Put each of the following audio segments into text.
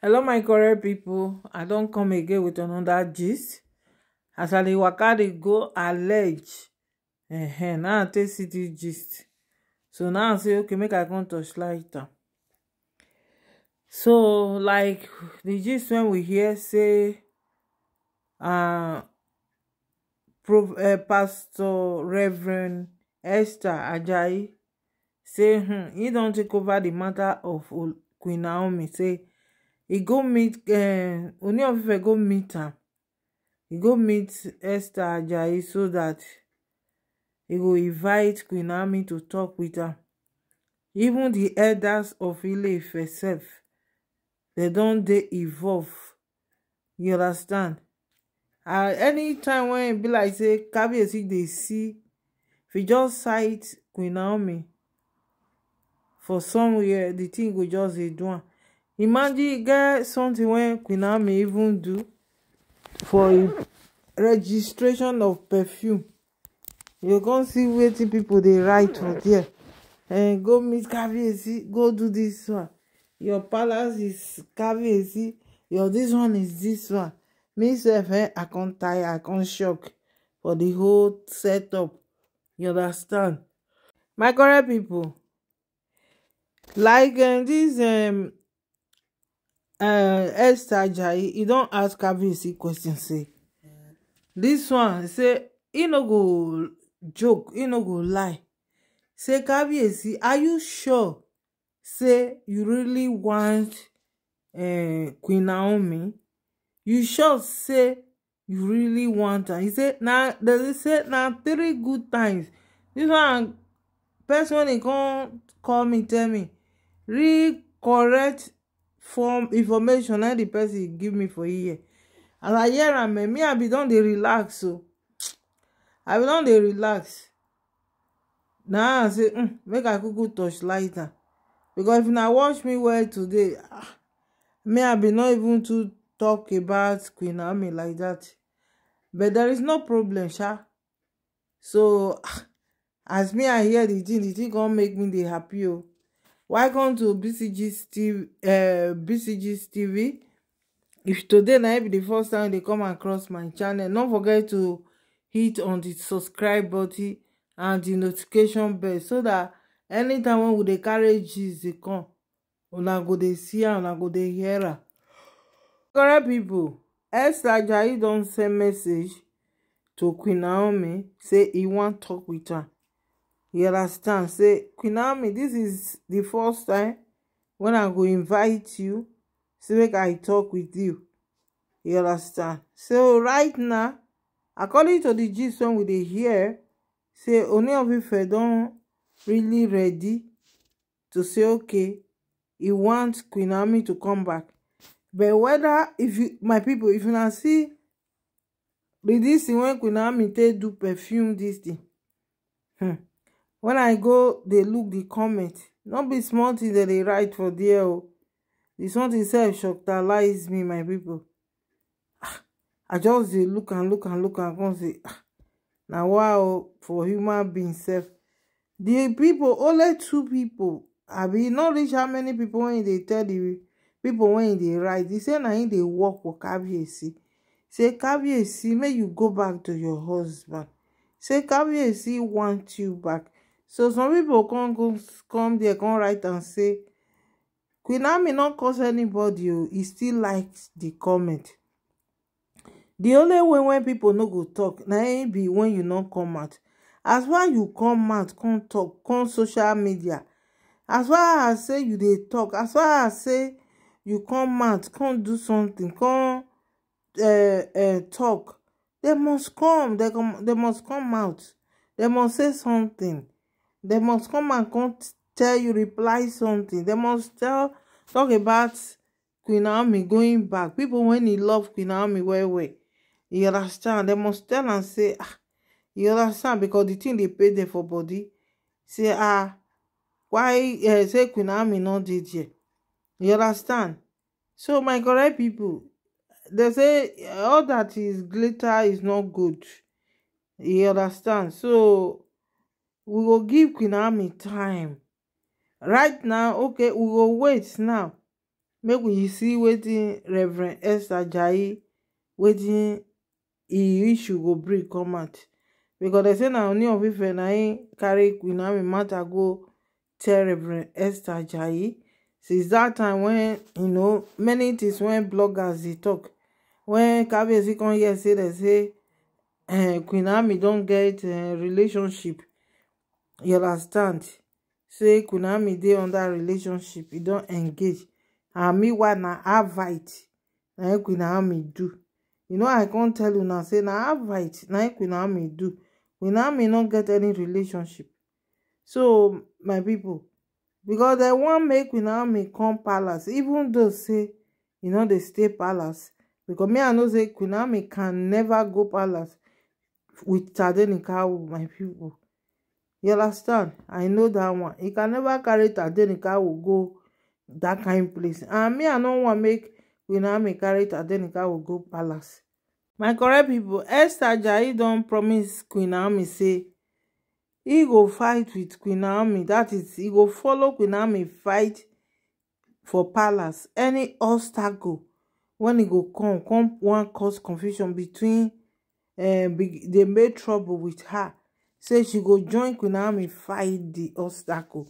hello my correct people. i don't come again with another gist as i dey waka dey go allege eh now i take city gist so now i say okay make i come touch light so like the gist when we hear say uh, eh, pastor reverend esther ajayi say hmm, e don take over di matter of queen naomi say He go meet Uh, eh, oni of ife go meet am he go meet esther ajayi so that he go invite queen ami to talk with her. even the elders of ile ife they don't they evolve. you understand any time when e be like say kabiyesi dey see if e just sight queen naomi for somewhere the thing go just dey do imagine get something wey queen naomi even do for registration of perfume you go see waiting people. They write for there and eh, go meet caviezi go do this one your palace is caviezi your this one is this one me sef eh i con tie. i con shock for the whole setup you understand my correct people. like um, this um, uh, Esther Jai, e don't ask Kabiyesi question say this one say e no go joke e no go lie say Kabiyesi are you sure say you really want uh, Queen Naomi you sure say you really want am he now. na they say na three good times This one person he come call me tell me re correct form information and the person give me for here as i hear am eh, me i be don dey relax o oh. i be don dey relax na i say mm, make i kuku touch lighter. because if na watch me well today ah, me i be not even to talk about queen Army like that. but there is no problem sha so ah, as me i hear the thing di thing come make me the happy oh welcome to BCG tv uh, eh, tv if today na be the first time they come across my channel don't forget to hit on the subscribe button and the notification bell so that anytime when we dey carry gist come, come una go dey see am una go dey hear am. correct pipo esther ajayi don send message to queen naomi say he wan talk with her you understand say queen naomi dis is the first time when i go invite you say make i talk with you you understand so right now according to the gist wey we dey hear say oni of ife don really ready to say okay He want queen naomi to come back but whether if you my people, if una see di dis thing wey queen naomi take do perfume dis thing hmm When i go they look the comment Not be small thing that they write for there o di something sef shocktalize me my people. Ah, i just they look and look and look and come say ah, "Now wow for human being self? The people only two people. pipo abi not reach how many people when they tell di people when they write They say na They dey work for caviarcy say caviarcy may you go back to your husband say caviarcy wants you back so some people come go come there come write and say queen army not cause anybody o oh, e still like the comment The only way when people no go talk now be when you not come out as far you come out come talk, come social media as far as say you they talk. as far as say you come out come do something come uh, tok dem must come They come. They must come out They must say something They must come and come tell you, reply something. They must tell, talk about Queen Naomi going back. People when he love Queen Naomi well, well. You understand? They must tell and say, ah, you understand? Because the thing they pay there for body, say, ah, why, uh, say Queen Naomi not did yet. You understand? So my correct people, they say all that is glitter is not good. You understand? So we go give queen naomi time right now okay we will wait now make we see waiting reverend esther Jai waiting. He issue go bring come out because they say now Ooni of Ife na im carry Queen Naomi matter go tell Reverend Esther Jai since that time when you know many things when bloggers they talk when Kabiyesi come hear say dem say uh, Queen Naomi don get uh, relationship you understand say kunami dey under relationship e don engage and meanwhile na avite na im e kunami do you know i con tell una say na avite na im e kunami do kunami no get any relationship so my people, because dem wan make kunami come palace even though say e no dey stay palace Because me i know say kunami can never go palace with tadenika my people you understand i know that one e can never carry Will go dat kain place and me i no wan make winami carry Will go palace my correct people. esther jai don't promise queen naomi say he go fight with queen naomi That is he go follow queen naomi fight for palace any obstacle when he go come come one cause confusion between Uh, they made trouble with her say she go join Kunami fight the obstacle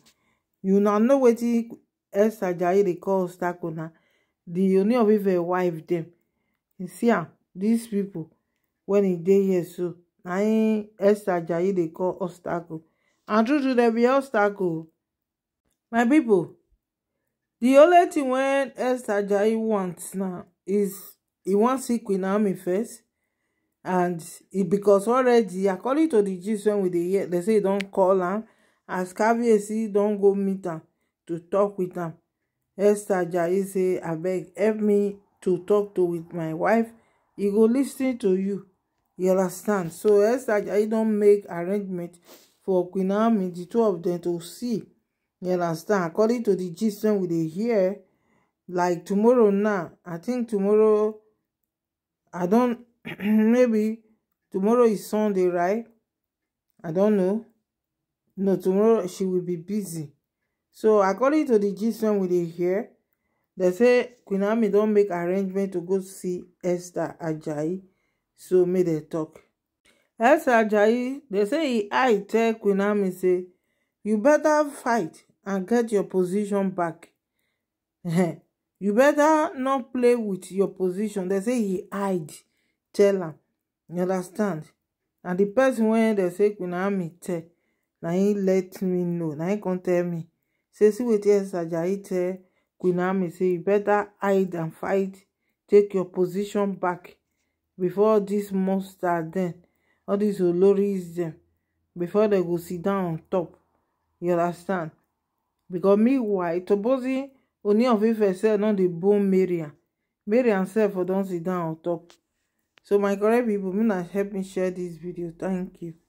you now know wetin Esther ajayi dey call obstacle now. The oni of ife wife them. you see ah, these people. When he did here so na Esther else they call obstacle and true true dem be obstacle my people. The only thing when Esther ajayi wants now is e wan see queen naomi first and it because already according to the gist wey we dey hear They say don't call him. as caviarcy e don't go meet him to talk with him. esther Jai say I beg help me to talk to with my wife He go lis to you you understand so esther ajayi don't make arrangement for queen naomi the two of them to see you understand according to the gist wey we dey hear like tomorrow now i think tomorrow i don't. maybe tomorrow is Sunday, right? I don't know. No, tomorrow she will be busy. So according to the gist when we dey here. they say Queen Naomi don make arrangement to go see Esther Ajayi. So make dem talk. Esther Ajayi, they say e eye tell Queen Naomi say, you better fight and get your position back. you better not play with your position. They say he hide tell am you understand na the person wey dem say queen naomi tell na him let me know na him come tell me say see wetin else tell queen naomi say you better hide and fight take your position back before this monster dem all dis oloris dem before dem go sit down on top you understand because meanwhile tobosi oni of ife sef don dey bone mariam mariam sef don sit down on top so my correct people una help me share this video thank you